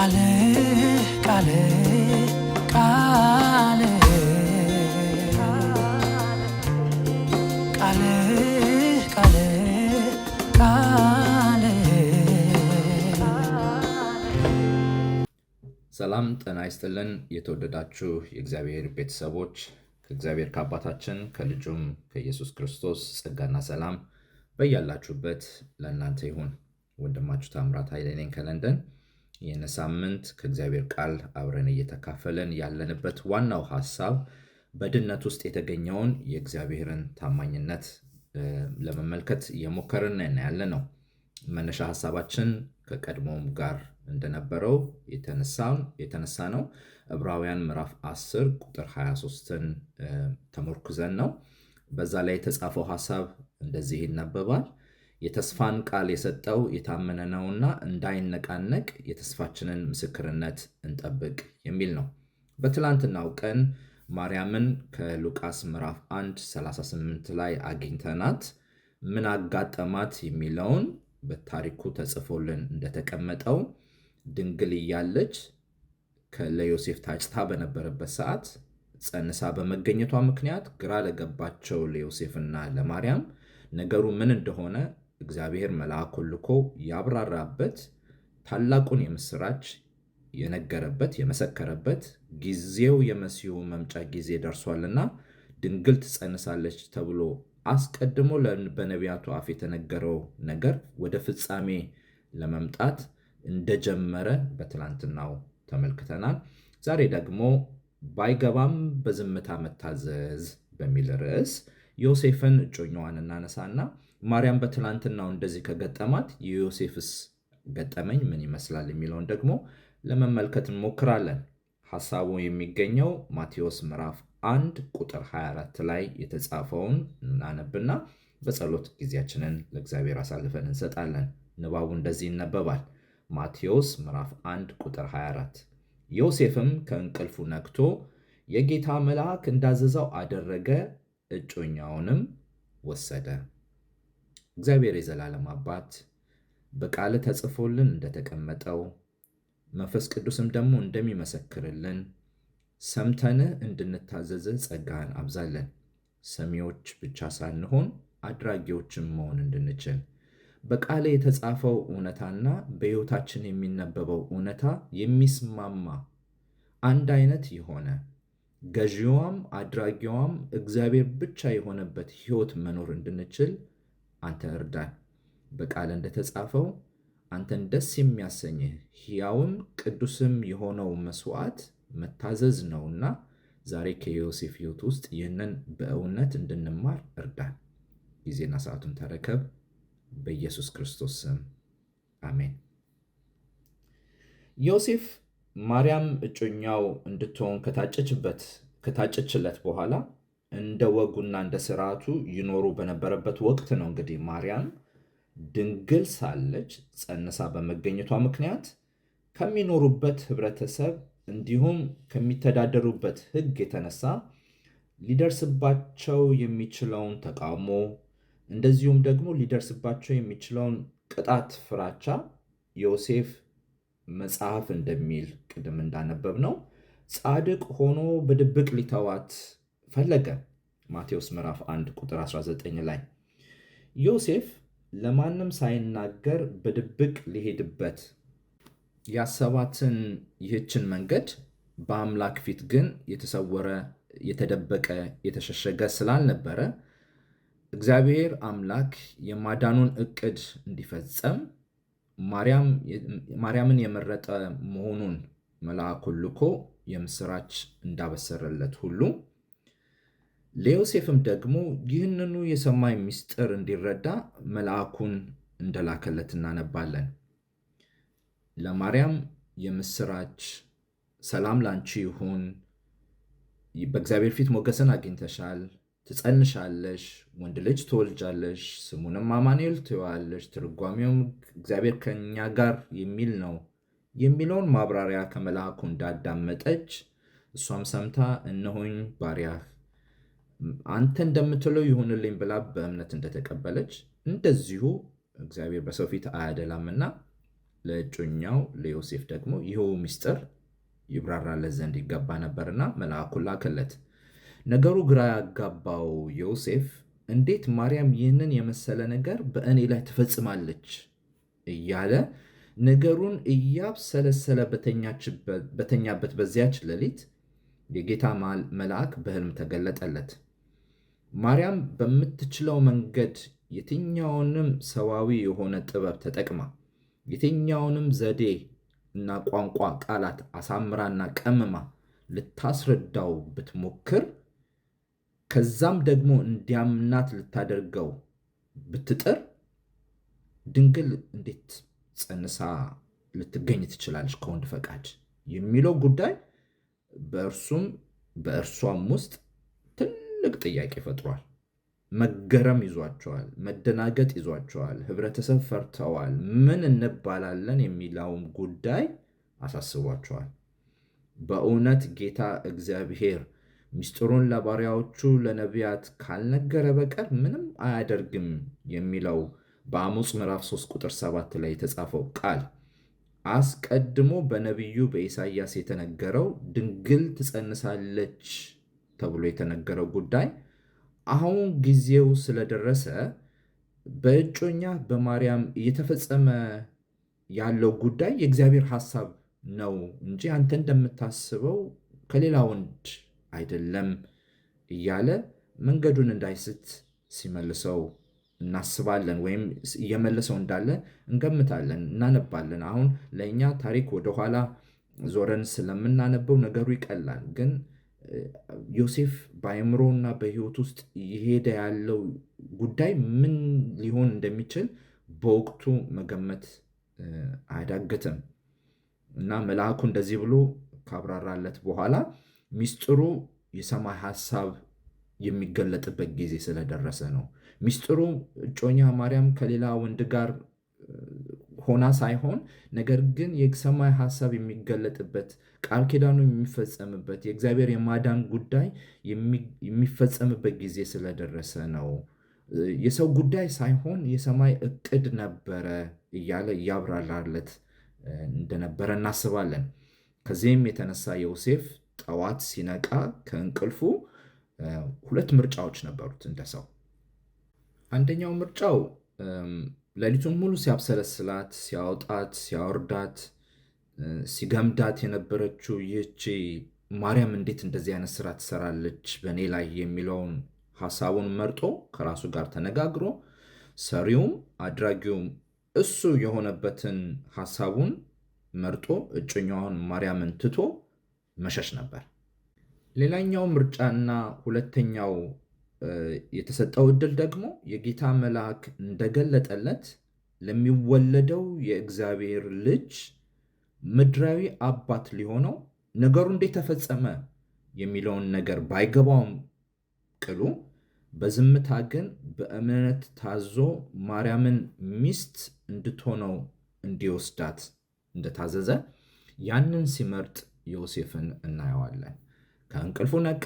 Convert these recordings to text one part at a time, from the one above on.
ቃል ሰላም ጤና ይስጥልን። የተወደዳችሁ የእግዚአብሔር ቤተሰቦች ከእግዚአብሔር ከአባታችን ከልጁም ከኢየሱስ ክርስቶስ ጸጋና ሰላም በያላችሁበት ለእናንተ ይሁን። ወንድማችሁ ታምራት ኃይሌ ነኝ ከለንደን ይህን ሳምንት ከእግዚአብሔር ቃል አብረን እየተካፈለን ያለንበት ዋናው ሀሳብ በድነት ውስጥ የተገኘውን የእግዚአብሔርን ታማኝነት ለመመልከት እየሞከርን ያለ ነው። መነሻ ሀሳባችን ከቀድሞም ጋር እንደነበረው የተነሳ ነው። ዕብራውያን ምዕራፍ 10 ቁጥር 23ን ተመርኩዘን ነው። በዛ ላይ የተጻፈው ሀሳብ እንደዚህ ይነበባል። የተስፋን ቃል የሰጠው የታመነ ነውና እንዳይነቃነቅ የተስፋችንን ምስክርነት እንጠብቅ የሚል ነው። በትላንትናው ቀን ማርያምን ከሉቃስ ምዕራፍ 1 38 ላይ አግኝተናት ምን አጋጠማት የሚለውን በታሪኩ ተጽፎልን እንደተቀመጠው ድንግል እያለች ለዮሴፍ ታጭታ በነበረበት ሰዓት ጸንሳ በመገኘቷ ምክንያት ግራ ለገባቸው ለዮሴፍና ለማርያም ነገሩ ምን እንደሆነ እግዚአብሔር መልአኩን ልኮ ያብራራበት ታላቁን የምስራች የነገረበት የመሰከረበት ጊዜው የመሲሁ መምጫ ጊዜ ደርሷልና ድንግል ትጸንሳለች ተብሎ አስቀድሞ በነቢያቱ አፍ የተነገረው ነገር ወደ ፍጻሜ ለመምጣት እንደጀመረ በትላንትናው ተመልክተናል። ዛሬ ደግሞ ባይገባም በዝምታ መታዘዝ በሚል ርዕስ ዮሴፍን እጮኛዋን እናነሳና ማርያም በትላንትናው እንደዚህ ከገጠማት የዮሴፍስ ገጠመኝ ምን ይመስላል የሚለውን ደግሞ ለመመልከት እንሞክራለን። ሐሳቡ የሚገኘው ማቴዎስ ምዕራፍ 1 ቁጥር 24 ላይ የተጻፈውን እናነብና በጸሎት ጊዜያችንን ለእግዚአብሔር አሳልፈን እንሰጣለን። ንባቡ እንደዚህ ይነበባል። ማቴዎስ ምዕራፍ 1 ቁጥር 24 ዮሴፍም ከእንቅልፉ ነክቶ የጌታ መልአክ እንዳዘዘው አደረገ፣ እጮኛውንም ወሰደ። እግዚአብሔር የዘላለም አባት በቃል ተጽፎልን እንደተቀመጠው መንፈስ ቅዱስም ደግሞ እንደሚመሰክርልን ሰምተን እንድንታዘዝ ጸጋህን አብዛለን። ሰሚዎች ብቻ ሳንሆን አድራጊዎችን መሆን እንድንችል በቃል የተጻፈው እውነታና በሕይወታችን የሚነበበው እውነታ የሚስማማ አንድ አይነት የሆነ ገዢዋም አድራጊዋም እግዚአብሔር ብቻ የሆነበት ሕይወት መኖር እንድንችል አንተ እርዳን። በቃል እንደተጻፈው አንተን ደስ የሚያሰኝህ ሕያውም ቅዱስም የሆነው መስዋዕት መታዘዝ ነውና ዛሬ ከዮሴፍ ሕይወት ውስጥ ይህንን በእውነት እንድንማር እርዳን። ጊዜና ሰዓቱን ተረከብ። በኢየሱስ ክርስቶስ ስም አሜን። ዮሴፍ ማርያም እጮኛው እንድትሆን ከታጨችበት ከታጨችለት በኋላ እንደ ወጉና እንደ ስርዓቱ ይኖሩ በነበረበት ወቅት ነው እንግዲህ ማርያም ድንግል ሳለች ጸንሳ በመገኘቷ ምክንያት ከሚኖሩበት ህብረተሰብ እንዲሁም ከሚተዳደሩበት ህግ የተነሳ ሊደርስባቸው የሚችለውን ተቃውሞ እንደዚሁም ደግሞ ሊደርስባቸው የሚችለውን ቅጣት ፍራቻ ዮሴፍ መጽሐፍ እንደሚል ቅድም እንዳነበብ ነው ጻድቅ ሆኖ በድብቅ ሊተዋት ፈለገ። ማቴዎስ ምዕራፍ 1 ቁጥር 19 ላይ ዮሴፍ ለማንም ሳይናገር በድብቅ ሊሄድበት ያሰባትን ይህችን መንገድ በአምላክ ፊት ግን የተሰወረ የተደበቀ የተሸሸገ ስላልነበረ እግዚአብሔር አምላክ የማዳኑን እቅድ እንዲፈጸም ማርያምን የመረጠ መሆኑን መልአኩን ልኮ የምስራች እንዳበሰረለት ሁሉ ለዮሴፍም ደግሞ ይህንኑ የሰማይ ምስጢር እንዲረዳ መልአኩን እንደላከለት እናነባለን። ለማርያም የምስራች ሰላም ላንቺ ይሁን፣ በእግዚአብሔር ፊት ሞገስን አግኝተሻል፣ ትጸንሻለሽ፣ ወንድ ልጅ ትወልጃለሽ፣ ስሙንም አማኑኤል ትይዋለሽ፣ ትርጓሜውም እግዚአብሔር ከእኛ ጋር የሚል ነው የሚለውን ማብራሪያ ከመልአኩ እንዳዳመጠች እሷም ሰምታ እነሆኝ ባሪያህ አንተ እንደምትለው ይሁንልኝ ብላ በእምነት እንደተቀበለች እንደዚሁ እግዚአብሔር በሰው ፊት አያደላምና ለእጮኛው ለዮሴፍ ደግሞ ይኸው ምስጢር ይብራራለት ዘንድ ይገባ ነበርና መልአኩ ላከለት። ነገሩ ግራ ያጋባው ዮሴፍ እንዴት ማርያም ይህንን የመሰለ ነገር በእኔ ላይ ትፈጽማለች እያለ ነገሩን እያብሰለሰለ በተኛበት በዚያች ሌሊት የጌታ መልአክ በህልም ተገለጠለት። ማርያም በምትችለው መንገድ የትኛውንም ሰዋዊ የሆነ ጥበብ ተጠቅማ የትኛውንም ዘዴ እና ቋንቋ ቃላት አሳምራና ቀምማ ልታስረዳው ብትሞክር ከዛም ደግሞ እንዲያምናት ልታደርገው ብትጥር ድንግል እንዴት ጸንሳ ልትገኝ ትችላለች ከወንድ ፈቃድ የሚለው ጉዳይ በእርሱም በእርሷም ውስጥ ትልቅ ጥያቄ ፈጥሯል። መገረም ይዟቸዋል። መደናገጥ ይዟቸዋል። ህብረተሰብ ፈርተዋል። ምን እንባላለን የሚለውም ጉዳይ አሳስቧቸዋል። በእውነት ጌታ እግዚአብሔር ምስጢሩን ለባሪያዎቹ ለነቢያት ካልነገረ በቀር ምንም አያደርግም የሚለው በአሞጽ ምዕራፍ 3 ቁጥር 7 ላይ የተጻፈው ቃል አስቀድሞ በነቢዩ በኢሳይያስ የተነገረው ድንግል ትጸንሳለች ተብሎ የተነገረው ጉዳይ አሁን ጊዜው ስለደረሰ በእጮኛ በማርያም እየተፈጸመ ያለው ጉዳይ የእግዚአብሔር ሐሳብ ነው እንጂ አንተ እንደምታስበው ከሌላ ወንድ አይደለም እያለ መንገዱን እንዳይስት ሲመልሰው እናስባለን ወይም እየመለሰው እንዳለ እንገምታለን፣ እናነባለን። አሁን ለእኛ ታሪክ ወደኋላ ዞረን ስለምናነበው ነገሩ ይቀላል ግን ዮሴፍ እና በህይወት ውስጥ የሄደ ያለው ጉዳይ ምን ሊሆን እንደሚችል በወቅቱ መገመት አያዳግትም እና መልአኩ እንደዚህ ብሎ ካብራራለት በኋላ ሚስጥሩ የሰማይ ሀሳብ የሚገለጥበት ጊዜ ስለደረሰ ነው። ሚስጥሩ እጮኛ ማርያም ከሌላ ወንድ ጋር ሆና ሳይሆን ነገር ግን የሰማይ ሀሳብ የሚገለጥበት ቃል ኪዳኑ የሚፈጸምበት የእግዚአብሔር የማዳን ጉዳይ የሚፈጸምበት ጊዜ ስለደረሰ ነው። የሰው ጉዳይ ሳይሆን የሰማይ እቅድ ነበረ እያለ እያብራራለት እንደነበረ እናስባለን። ከዚህም የተነሳ ዮሴፍ ጠዋት ሲነቃ ከእንቅልፉ ሁለት ምርጫዎች ነበሩት እንደ ሰው። አንደኛው ምርጫው ሌሊቱን ሙሉ ሲያብሰለስላት፣ ሲያወጣት፣ ሲያወርዳት፣ ሲገምዳት የነበረችው ይህቺ ማርያም እንዴት እንደዚህ አይነት ስራ ትሰራለች በእኔ ላይ የሚለውን ሀሳቡን መርጦ ከራሱ ጋር ተነጋግሮ ሰሪውም አድራጊውም እሱ የሆነበትን ሀሳቡን መርጦ እጮኛዋን ማርያምን ትቶ መሸሽ ነበር። ሌላኛው ምርጫና ሁለተኛው የተሰጠው እድል ደግሞ የጌታ መልአክ እንደገለጠለት ለሚወለደው የእግዚአብሔር ልጅ ምድራዊ አባት ሊሆነው ነገሩ እንዴት ተፈጸመ የሚለውን ነገር ባይገባውም ቅሉ በዝምታ ግን በእምነት ታዞ ማርያምን ሚስት እንድትሆነው እንዲወስዳት እንደታዘዘ ያንን ሲመርጥ ዮሴፍን እናየዋለን። ከእንቅልፉ ነቃ።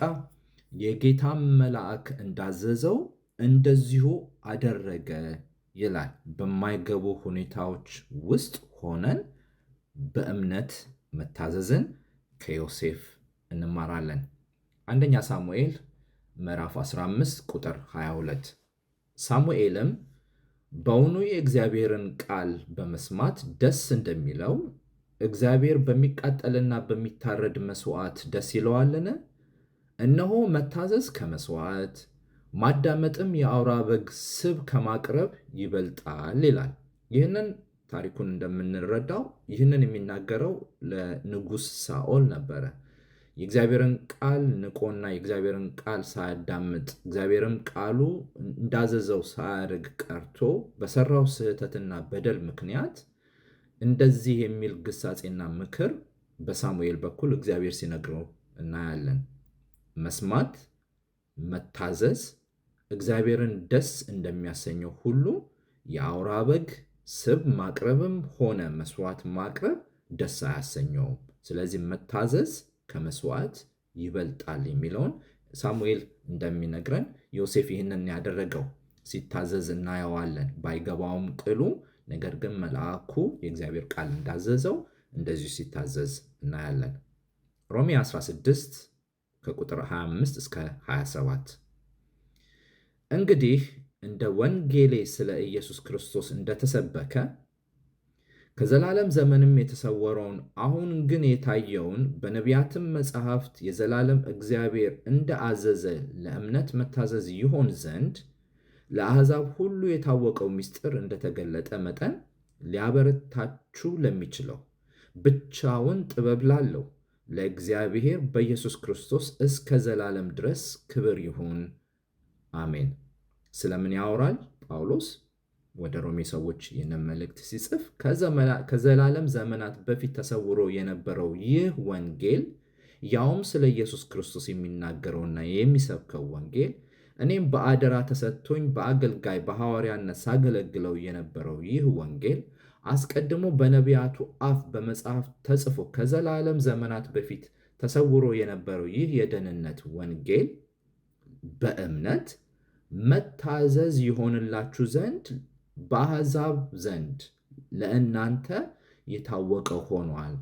የጌታም መልአክ እንዳዘዘው እንደዚሁ አደረገ ይላል። በማይገቡ ሁኔታዎች ውስጥ ሆነን በእምነት መታዘዝን ከዮሴፍ እንማራለን። አንደኛ ሳሙኤል ምዕራፍ 15 ቁጥር 22 ሳሙኤልም በውኑ የእግዚአብሔርን ቃል በመስማት ደስ እንደሚለው እግዚአብሔር በሚቃጠልና በሚታረድ መስዋዕት ደስ ይለዋልን? እነሆ መታዘዝ ከመስዋዕት ማዳመጥም የአውራ በግ ስብ ከማቅረብ ይበልጣል ይላል። ይህንን ታሪኩን እንደምንረዳው ይህንን የሚናገረው ለንጉሥ ሳኦል ነበረ። የእግዚአብሔርን ቃል ንቆና የእግዚአብሔርን ቃል ሳያዳምጥ እግዚአብሔርም ቃሉ እንዳዘዘው ሳያደርግ ቀርቶ በሰራው ስህተትና በደል ምክንያት እንደዚህ የሚል ግሳጼና ምክር በሳሙኤል በኩል እግዚአብሔር ሲነግረው እናያለን። መስማት፣ መታዘዝ እግዚአብሔርን ደስ እንደሚያሰኘው ሁሉ የአውራ በግ ስብ ማቅረብም ሆነ መስዋዕት ማቅረብ ደስ አያሰኘውም። ስለዚህ መታዘዝ ከመስዋዕት ይበልጣል የሚለውን ሳሙኤል እንደሚነግረን ዮሴፍ ይህንን ያደረገው ሲታዘዝ እናየዋለን። ባይገባውም ቅሉ ነገር ግን መልአኩ የእግዚአብሔር ቃል እንዳዘዘው እንደዚሁ ሲታዘዝ እናያለን። ሮሜ 16 ከቁጥር 25 እስከ 27 እንግዲህ እንደ ወንጌሌ ስለ ኢየሱስ ክርስቶስ እንደተሰበከ ከዘላለም ዘመንም የተሰወረውን አሁን ግን የታየውን በነቢያትም መጽሐፍት የዘላለም እግዚአብሔር እንደ አዘዘ ለእምነት መታዘዝ ይሆን ዘንድ ለአሕዛብ ሁሉ የታወቀው ምስጢር እንደተገለጠ መጠን ሊያበረታችሁ ለሚችለው ብቻውን ጥበብ ላለው ለእግዚአብሔር በኢየሱስ ክርስቶስ እስከ ዘላለም ድረስ ክብር ይሁን፣ አሜን። ስለምን ያወራል ጳውሎስ? ወደ ሮሜ ሰዎች ይህንን መልእክት ሲጽፍ ከዘላለም ዘመናት በፊት ተሰውሮ የነበረው ይህ ወንጌል ያውም ስለ ኢየሱስ ክርስቶስ የሚናገረውና የሚሰብከው ወንጌል እኔም በአደራ ተሰጥቶኝ በአገልጋይ በሐዋርያነት ሳገለግለው የነበረው ይህ ወንጌል አስቀድሞ በነቢያቱ አፍ በመጽሐፍ ተጽፎ ከዘላለም ዘመናት በፊት ተሰውሮ የነበረው ይህ የደህንነት ወንጌል በእምነት መታዘዝ ይሆንላችሁ ዘንድ በአሕዛብ ዘንድ ለእናንተ የታወቀ ሆኗል።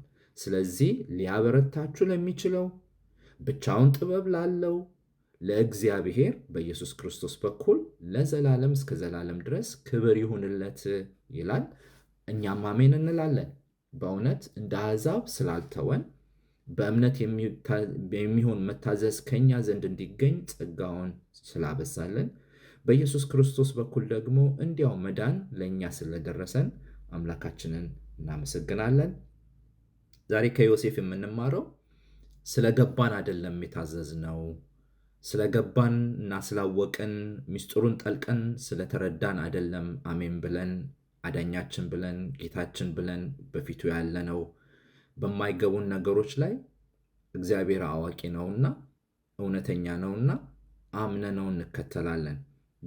ስለዚህ ሊያበረታችሁ ለሚችለው ብቻውን ጥበብ ላለው ለእግዚአብሔር በኢየሱስ ክርስቶስ በኩል ለዘላለም እስከ ዘላለም ድረስ ክብር ይሁንለት ይላል። እኛም አሜን እንላለን። በእውነት እንደ አሕዛብ ስላልተወን በእምነት የሚሆን መታዘዝ ከኛ ዘንድ እንዲገኝ ጸጋውን ስላበሳለን በኢየሱስ ክርስቶስ በኩል ደግሞ እንዲያው መዳን ለእኛ ስለደረሰን አምላካችንን እናመሰግናለን። ዛሬ ከዮሴፍ የምንማረው ስለገባን አይደለም የታዘዝነው፣ ስለገባን እና ስላወቅን ሚስጥሩን ጠልቀን ስለተረዳን አይደለም አሜን ብለን አዳኛችን ብለን ጌታችን ብለን በፊቱ ያለነው በማይገቡን ነገሮች ላይ እግዚአብሔር አዋቂ ነውና እውነተኛ ነውና አምነነው እንከተላለን።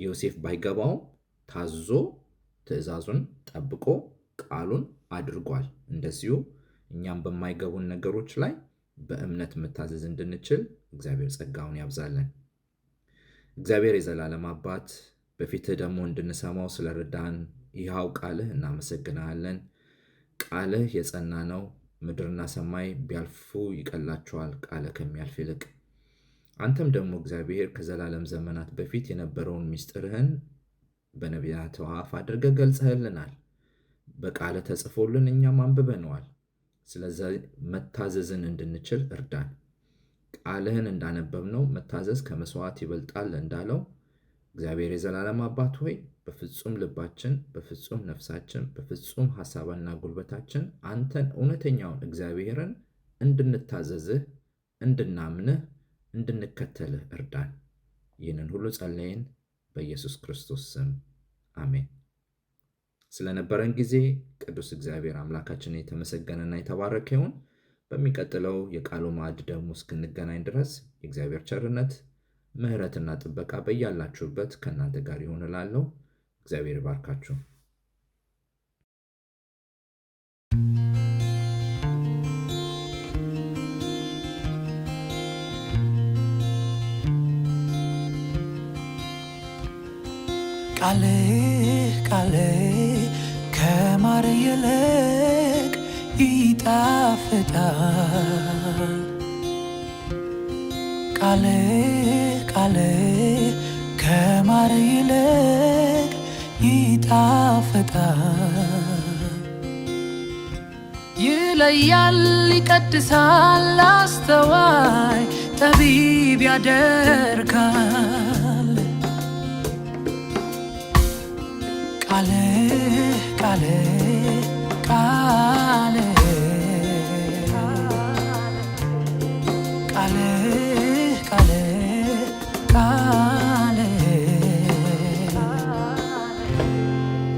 ዮሴፍ ባይገባውም ታዞ ትእዛዙን ጠብቆ ቃሉን አድርጓል። እንደዚሁ እኛም በማይገቡን ነገሮች ላይ በእምነት መታዘዝ እንድንችል እግዚአብሔር ጸጋውን ያብዛለን። እግዚአብሔር የዘላለም አባት በፊትህ ደግሞ እንድንሰማው ስለረዳን ይኸው ቃልህ እናመሰግናለን። ቃልህ የጸና ነው፣ ምድርና ሰማይ ቢያልፉ ይቀላቸዋል፣ ቃለ ከሚያልፍ ይልቅ። አንተም ደግሞ እግዚአብሔር ከዘላለም ዘመናት በፊት የነበረውን ምስጢርህን በነቢያት አፍ አድርገህ ገልጸህልናል። በቃለ ተጽፎልን እኛም አንብበነዋል። ስለዚህ መታዘዝን እንድንችል እርዳን። ቃልህን እንዳነበብነው መታዘዝ ከመስዋዕት ይበልጣል እንዳለው እግዚአብሔር የዘላለም አባት ሆይ በፍጹም ልባችን፣ በፍጹም ነፍሳችን፣ በፍጹም ሐሳብና ጉልበታችን አንተን እውነተኛውን እግዚአብሔርን እንድንታዘዝህ፣ እንድናምንህ፣ እንድንከተልህ እርዳን። ይህንን ሁሉ ጸለይን በኢየሱስ ክርስቶስ ስም አሜን። ስለነበረን ጊዜ ቅዱስ እግዚአብሔር አምላካችን የተመሰገነና የተባረከ ይሁን። በሚቀጥለው የቃሉ ማዕድ ደግሞ እስክንገናኝ ድረስ የእግዚአብሔር ቸርነት ምሕረትና ጥበቃ በያላችሁበት ከእናንተ ጋር ይሁን እላለሁ። እግዚአብሔር ይባርካችሁ። ቃልህ ቃልህ ከማር ይልቅ ይጣፍጣል ቃልህ ቃል ከማር ይልቅ ይጣፍጣል፣ ይለያል፣ ይቀድሳል፣ አስተዋይ ጠቢብ ያደርጋል። ቃልህ ቃልህ